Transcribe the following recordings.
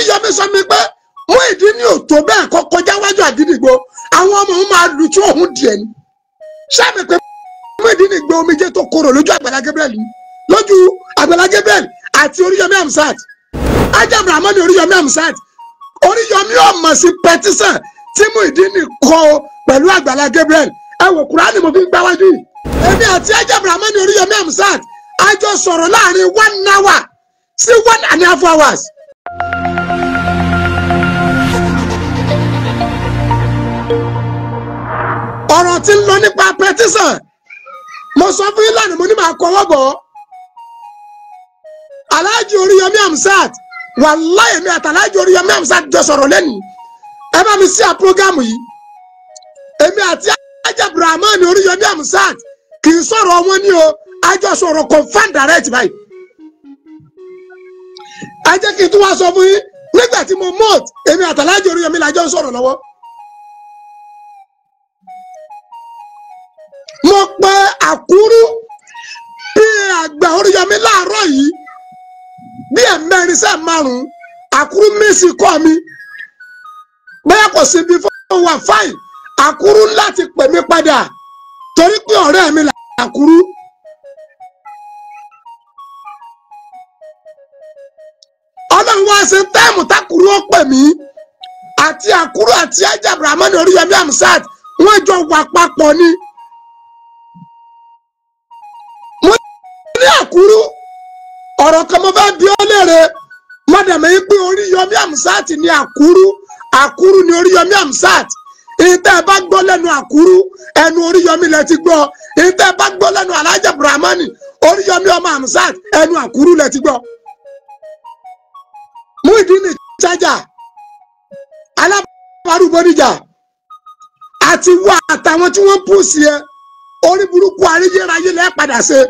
oríyọmí sọ mi pé Muyideen ò tó bẹ́ẹ̀ kọ́ kọjá wájú àdídìgbò àwọn ọmọ òun máa lu tí òun dìẹ̀ ni sábẹ̀ pé Muyideen gbé omijé tó korò lójú Àgbàlá Gabriel lójú Àgbàlá Gabriel àti oríyọmí amsat ajam rahman oríyọmí amsat oríyọmí ọmọ sí pẹtísàn tí Muyideen kọ pẹ̀lú Àgbàlá Gabriel ẹ wò kúránì mo fi ń gbáwájú yìí èmi àti ajam rahman oríyọmí amsat a sọ̀rọ̀ láàrin one hour sí one and a half hours. ọ̀rọ̀ tí ń lọ nípa pẹtísàn mo sọ fún ìlànà mo ní màá kọwọ́ bọ̀ aláàjì oríyọmí amsat wàláyé mi àtàlájì oríyọmí amsat jọ sọ̀rọ̀ lẹ́nu ẹ bá mi sí à prógámù yìí èmi àti ajá brahman oríyọmí amsat kì í sọ̀rọ̀ wọn ní o ajọ sọ̀rọ̀ confam direct báyìí ajẹ́ kí n tún wá sọ fún yín nígbà tí mo mọ̀t èmi àtàlájì oríyọmí làjọ ń sọ̀rọ̀ lọ́wọ́. àkúrú bí àgbà oríyọmí láàárọ̀ yìí bí ẹ̀mẹ́rin sẹ́ márùn-ún àkúrú mísì kọ́ mi bóyá kò sí bí fún wa fáìn àkúrú láti pè mí padà torí pé ọ̀rẹ́ mi là àkúrú. ọlọ́run wá sí táìmù tákùrú ó pè mí àti àkúrú àti ajá abdulhamani oríyọmí amsat wọ́n jọ wà papọ̀ ni. kúrú ọ̀rọ̀ kan mo fẹ́ bi ọ́ léèrè mo dẹ̀mẹ́ yí pé Oríyọmí Hamzat ni àkúrú àkúrú ni Oríyọmí Hamzat ìtẹ́ ẹ bá gbọ́ lẹ́nu àkúrú ẹnu Oríyọmí lẹ ti gbọ́ ìtẹ́ ẹ bá gbọ́ lẹ́nu brahmani, Abdulrahman Oríyọmí ọmọ Hamzat ẹnu àkúrú lẹ ti gbọ́. Muyideen Charger alábàárù bọ́díjà àti wà àtàwọn tí wọ́n pùsì ẹ orí burúkú àríyéráyé lẹ́ẹ̀ padà ṣe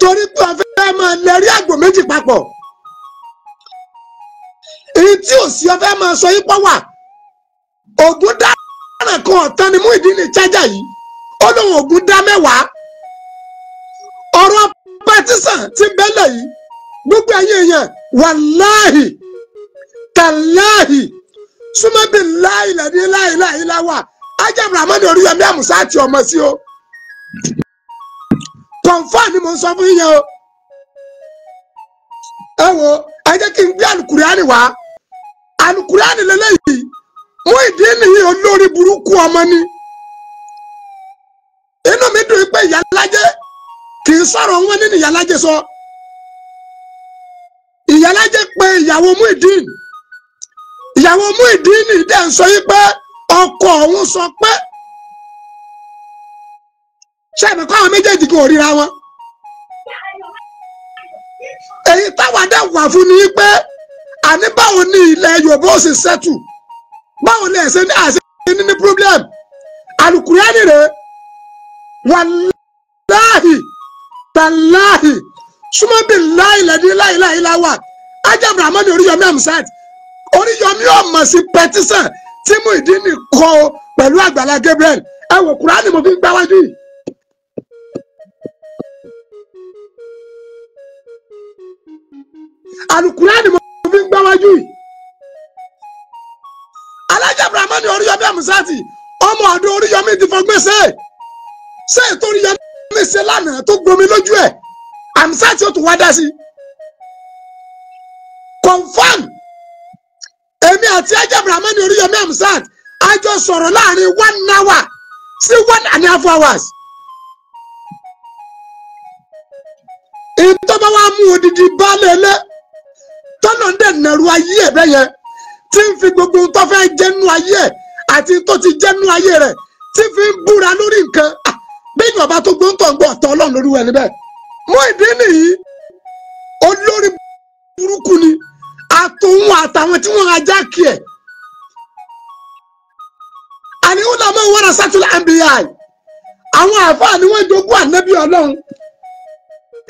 torí pé ọfẹ́ máa lẹ́rí àgbò méjì papọ̀ èyí tí ò sí ọfẹ́ máa sọ yípo wà ògùn dáná kan ọ̀tán ni Muyideen chájà yìí ó lóun ògùn dá mẹ́wàá ọ̀rọ̀ pàtísàn ti bẹ́lẹ̀ yìí gbogbo ẹ̀yin èèyàn wàláhì tàláhì súnmọ́bì láìlẹ̀ ní láìláìláwà ajá abrahamu ní orí yẹn bí àmùsá àti ọmọ sí o kọ̀ǹfà ni mo ń sọ fún yín o ẹ wo ẹ jẹ́ kí n gbé alukuriani wá alukuriani lélẹ́yìí mú ìdí nìyí olórí burúkú ọmọ ni inú mi dùn pé ìyálàjẹ kì í sọ̀rọ̀ wọn nínú ìyálàjẹ sọ ìyálàjẹ pé ìyàwó mú ìdí ìyàwó mú ìdí nìyí dẹ̀ ń sọ yí pé ọkọ òun sọ pé ṣé ẹ̀mí kọ́ àwọn méjèèjì kò ríra wọn. èyí táwa dẹ̀ wà fún ni pé àní báwo ni ilẹ̀ Yorùbá ó sì ṣẹ́tù báwo ni ẹ̀sẹ̀ ní àṣẹ ní ní problem alukurani rẹ̀ wàláhì tàláhì súnmọ́bì láìlẹ́dí láìláìláwà ajá Abdulrahman Oríyọmí Hamzat Oríyọmí ọmọ sí pẹtísàn tí Muyideen kọ pẹ̀lú Àgbàlá Gabriel ẹ wò kúránì mo fi gbáwájú yìí. alukurani mo fi ń gbáwájú yìí alájà abrahamu ni oríyọmí amusati ọmọ ọdún oríyọmí ti fọgbẹ́ ṣe ṣe ètò oríyọmí ṣe lánàá tó gbomi lójú ẹ̀ amusati ó tún wá dá sí confam èmi àti alájà abrahamu ni oríyọmí amusati a jọ láàrin one hour sí one and a half hours. ìtọ́ba wa mú odidi bá lélẹ́ tọ́lọ́n dẹ̀ nàrú ayé ẹ̀ bẹ́ẹ̀ yẹn tí ń fi gbogbo tó fẹ́ jẹ́nu ayé ẹ̀ àti tó ti jẹ́nu ayé rẹ̀ tí fi ń búra lórí nǹkan bẹ́ẹ̀ni ọba tó gbóńtọ̀ ń gbọ́ ọ̀tọ̀ ọlọ́run lórí wẹ̀ níbẹ̀ mú ìdí nìyí olórí burúkú ni àtòun àtàwọn tí wọ́n ajá kí ẹ̀ àníwòlá máa ń wọ́n ra sátúlà nba àwọn àfáà ni wọ́n jogún ànábì ọlọ́run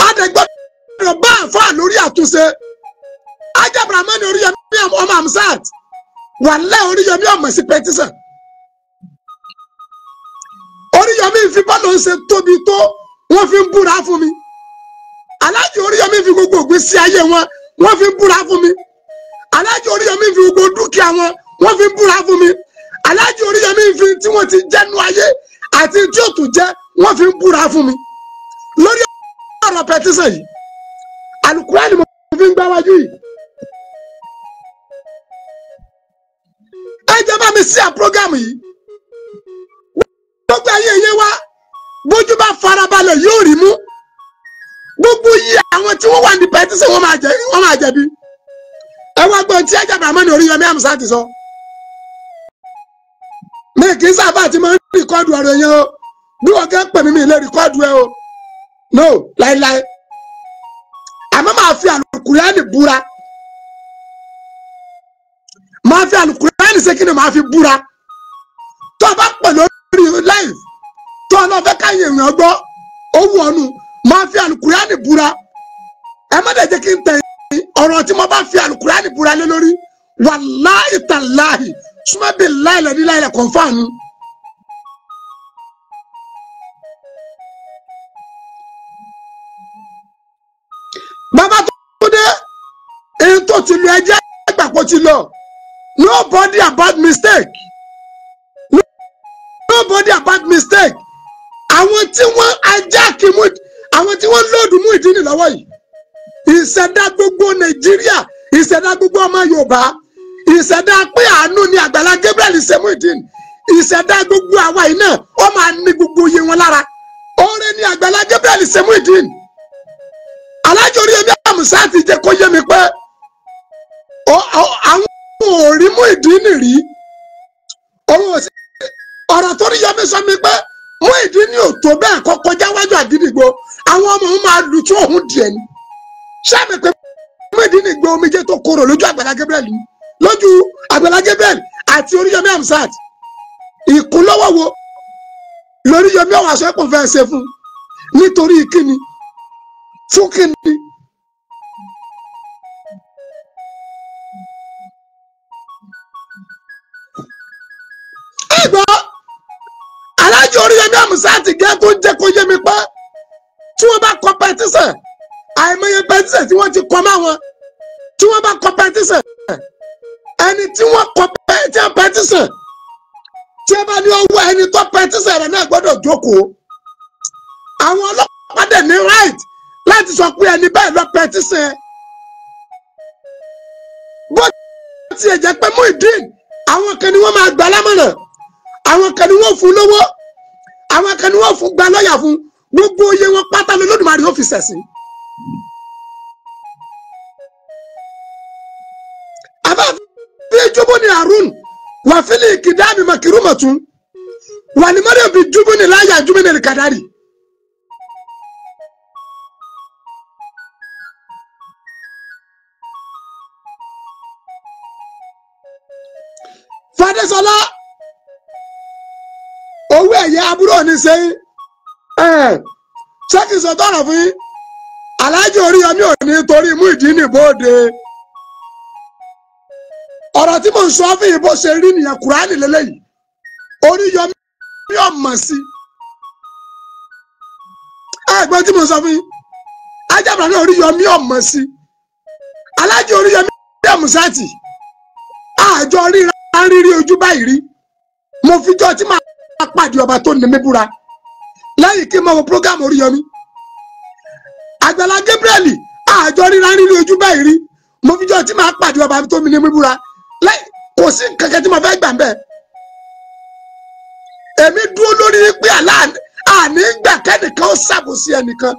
adẹ̀gbọ́n bá àfáà lórí àtúnṣe alájà brahman oríyọmí ọmọ amsat wàlẹ́ oríyọmí ọmọ sí pẹtisàn oríyọmí fi bọ́ọ̀lù ń ṣe tóbi tó wọ́n fi ń búra fún mi alájà oríyọmí fi gbogbo ògbé sí ayé wọn wọ́n fi ń búra fún mi alájà oríyọmí fi gbogbo dúkìá wọn wọ́n fi ń búra fún mi alájà oríyọmí fi tí wọ́n ti jẹ́nu ayé àti tí ó tún jẹ́ wọ́n fi ń búra fún mi lórí ọ̀rọ̀ pẹtisàn yìí alukura ni mo fi ń gbáwájú yìí. bá mi sí à program yìí gbogbo ayé yé wa bójú bá farabalẹ̀ yóò rí mú gbogbo yí àwọn tí wọ́n wà ní pẹ́tísì wọ́n máa jẹ̀bi ẹ wá gbọ́n tí ẹ̀jẹ̀ bàmọ́ ní Oríyọmí Àmúsá ti sọ mi kì í sábà tí mo ń rìkọ́dù ọ̀rọ̀ yẹn o bí wọ́n gẹ́ pè mí mi lè rìkọ́dù ẹ o no láéláé àmọ́ máa fi àlùkùrẹ́ nì búra máa fi àlùkùrẹ́. Daniel ṣe kí ni màá fi búra tó bá pè lórí live tó ọ̀nà fẹ́ ká yẹn èèyàn gbọ́ ohun ọ̀nù màá fi alukurani búra ẹ má dẹ̀ jẹ́ kí n tẹ̀ ọ̀rọ̀ tí mo bá fi alukurani búra lé lórí wàláì tàláì súnmọ́ bíi láìlẹ̀ ní láìlẹ̀ kọ̀ǹfààní. bàbá tó dé èyí tó ti lu ẹjẹ́ ìgbàpọ̀ ti lọ nobody about mistake nobody about mistake àwọn tí wọ́n ajá kí mú àwọn tí wọ́n lòdù mú ìdí nìlọ́wọ́ yìí ìṣẹ̀dá gbogbo nàìjíríà ìṣẹ̀dá gbogbo ọmọ yorùbá ìṣẹ̀dá pé àánú ni àgbàlá gabriel ṣe mú ìdí ìṣẹ̀dá gbogbo àwa yìí náà ó máa ní gbogbo iye wọn lára oore ni àgbàlá gabriel ṣe mú ìdí alájọ orí ẹbí àmùsá ti jẹ kó yé mi pé àwọn òòrí mú ìdí nìrí òun ò sí ọ̀rọ̀ tó ní yọmí sọ mi pé mú ìdí ní òtó bẹ́ẹ̀ kọ́ kọjá wájú àgídìgbò àwọn ọmọ òun máa lu tí òun dìẹ̀ ni sáàmì pé mú ìdí ní gbé omijé tó korò lójú àgbàlá Gabriel lójú àgbàlá Gabriel àti oríyọmí Hamzat ìkúnlọ́wọ́ wo lóríyọmí ọ̀hún aṣọ ẹ̀kọ́ fẹ́ ṣe fún nítorí kíni fún kíni Madam Sati gẹ́ tó jẹ́ kó yé mi pé tí wọ́n bá kọ pẹtísàn àìmọye pẹtísàn tí wọ́n ti kọ mọ́ wọn tí wọ́n bá kọ pẹtísàn ẹni tí wọ́n kọ pẹtísàn tí ẹ bá ní ọwọ́ ẹni tó pẹtísàn rẹ̀ náà gbọ́dọ̀ jókòó àwọn ọlọ́pàá dẹ̀ ní right láti sọ pé ẹni bẹ́ẹ̀ lọ pẹtísàn bó tiẹ̀ jẹ́ pé Muyideen àwọn kan ni wọ́n máa gbà lámọ̀ràn àwọn kan ni wọ́n fún lówó àwọn kan ni wọ́n fún gba lọ́ọ̀yà fún gbogbo iye wọn pátá lọ́lọ́dúnmarè ó fi sẹ̀sìn. àbáfi ìjọba ni harun wàfíìlì kìdáàmì màkìrúmọ̀tún wà ní mọ́rẹ́ bí júbúni láyà júbúni kàdárì. àbúrò ní sẹ́yìn ṣé kìí ṣe tọrọ fún yín aláàjì Oríyọmí ò ní torí mú ìdí nìbò òde ọ̀rọ̀ tí mò ń sọ fún yín bó ṣe rí nìyẹn kúránì lélẹ́yìí Oríyọmí yóò mọ̀ sí ẹgbẹ́ tí mò ń sọ fún yín ajábàá ní Oríyọmí yóò mọ̀ sí aláàjì Oríyọmí yóò mú sátì àjọ ríra rírí ojú báyìí rí mo fi jọ tí màá pàdé ọba tó ní mi búra lẹ́yìn kí n máa wo program Oríyọmí Àgbàlá Gabriel àjọ ríra nínú ojú báyìí rí mo fi jọ tí màá pàdé ọba tó ní mi búra lẹ́yìn kò sí kankan tí mo fẹ́ gbà bẹ́ẹ̀ èmi dúró lórí pé àní gbà kẹ́nìkan ó ṣàbòsí ẹnìkan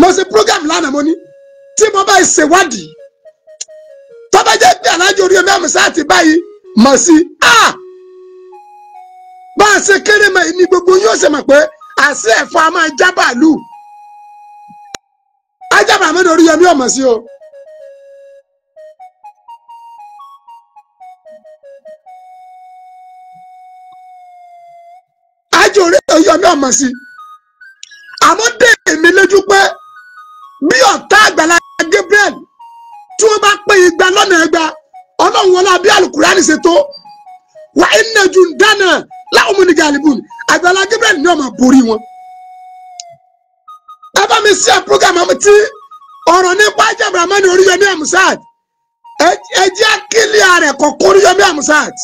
mo ṣe program lánàá mo ní tí mo bá ṣèwádìí tọ́bẹ́jẹ́ pé alájọ Oríyọmí àmì sáà ti báyìí mọ̀ sí i. Ah, bá a ṣe kéré mọ gbogbo yóò ṣe mọ̀ pé àṣẹ a máa já bàálù ajábà mẹ́rin orí yẹmí o. ajé orí yẹmí ọ̀mọ̀ sí àmọ́ dé èmi lójú pé bí ọ̀tá àgbàlá Gabriel tí wọ́n bá igba lọ́nà ẹgba ọlọ́run wọlé alukurani ṣètò wa á ń láwọn ọmọ nìjà àlebù ni Àgbàlá Gabriel ni ọmọ borí wọn. bàbá mi sí ẹ program àmì tí ọ̀rọ̀ nípa Abdulrahman Oríyọmí Hamzat ẹ jẹ́ àkílì ààrẹ kọ̀ọ̀kan Oríyọmí Hamzat.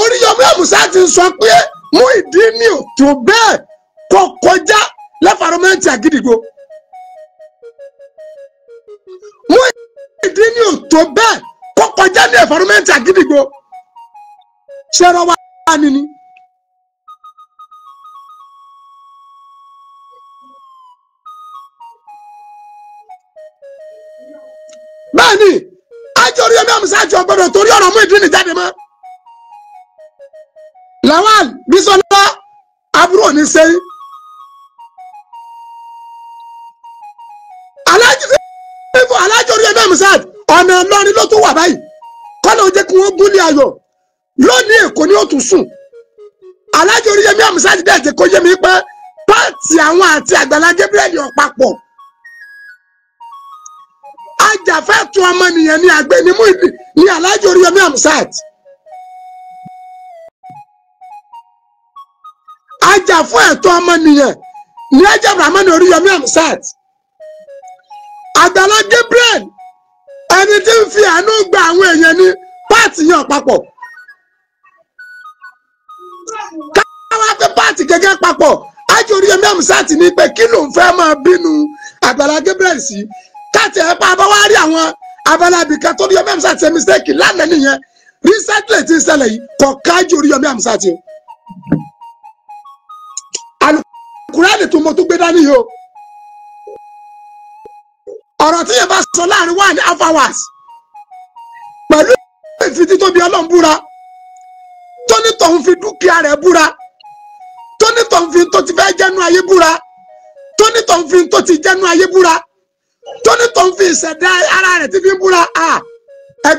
Oríyọmí Hamzat sọ pé mú ìdí mi ò tó bẹ́ẹ̀ kọ̀ kọjá lẹ́fàrọ́mẹ́ntì àgídìgbò. mú ìdí mi ò tó bẹ́ẹ̀ sunday environment àgídìgbò ṣé ẹran wá ni. bẹ́ẹ̀ ni ajọ́rí ẹ̀mí àmì sáájú ọgbọ́dọ̀ torí ọ̀rọ̀ mú ìdílé jáde mọ́. lawal bisola aburú òní sẹ́yìn. alájọ́rí ẹ̀mí àmì sáájú ọ̀nà ìlọrin ló tún wà báyìí ọlọ́run jẹ́ kí wọ́n gún ní ayọ̀ lónìí èkó ni ó tún sùn alájọ oríyẹmí àmúsáàdì bẹ́ẹ̀ jẹ́ kó yé mi pé páàtì àwọn àti àgbàlá Gabriel ọ̀pápọ̀ ajàfẹ́tọ̀ọ́ ọmọnìyàn ni àgbẹ̀ ni mú ìdí ni alájọ oríyẹmí àmúsáàdì. ajàfún ọmọnìyàn ní ẹjẹ brahman oríyọmí àgbàlá Gabriel ẹni tí ń fi àánú gba àwọn èèyàn ni pààtì yàn papọ̀ káwá fi pààtì gẹ́gẹ́ papọ̀ ájúrí ẹ̀mí àmúsáàtì ni pé kí ló ń fẹ́ máa bínú Àgbàlá Gabriel sí káàtì ẹ̀ pa abáwá rí àwọn abala abìkan tó rí ẹ̀mí àmúsáàtì ẹ̀ mistake lánàá nìyẹn recently ti ṣẹlẹ̀ yìí kọ̀ kájú orí ẹ̀mí àmúsáàtì o alukurani tó mo tún gbé dání yìí o ọ̀rọ̀ tí yẹn bá sọ láàrin one and a half hours fi títóbi ọlọ́run búra tónítọ̀hún fi dúkìá rẹ̀ búra tónítọ̀hún fi tó ti fẹ́ jẹ́nu ayé búra tónítọ̀hún fi tó ti jẹ́nu ayé búra tónítọ̀hún fi ìṣẹ̀dá ara rẹ̀ ti fi búra ẹ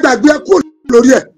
kú lórí ẹ̀.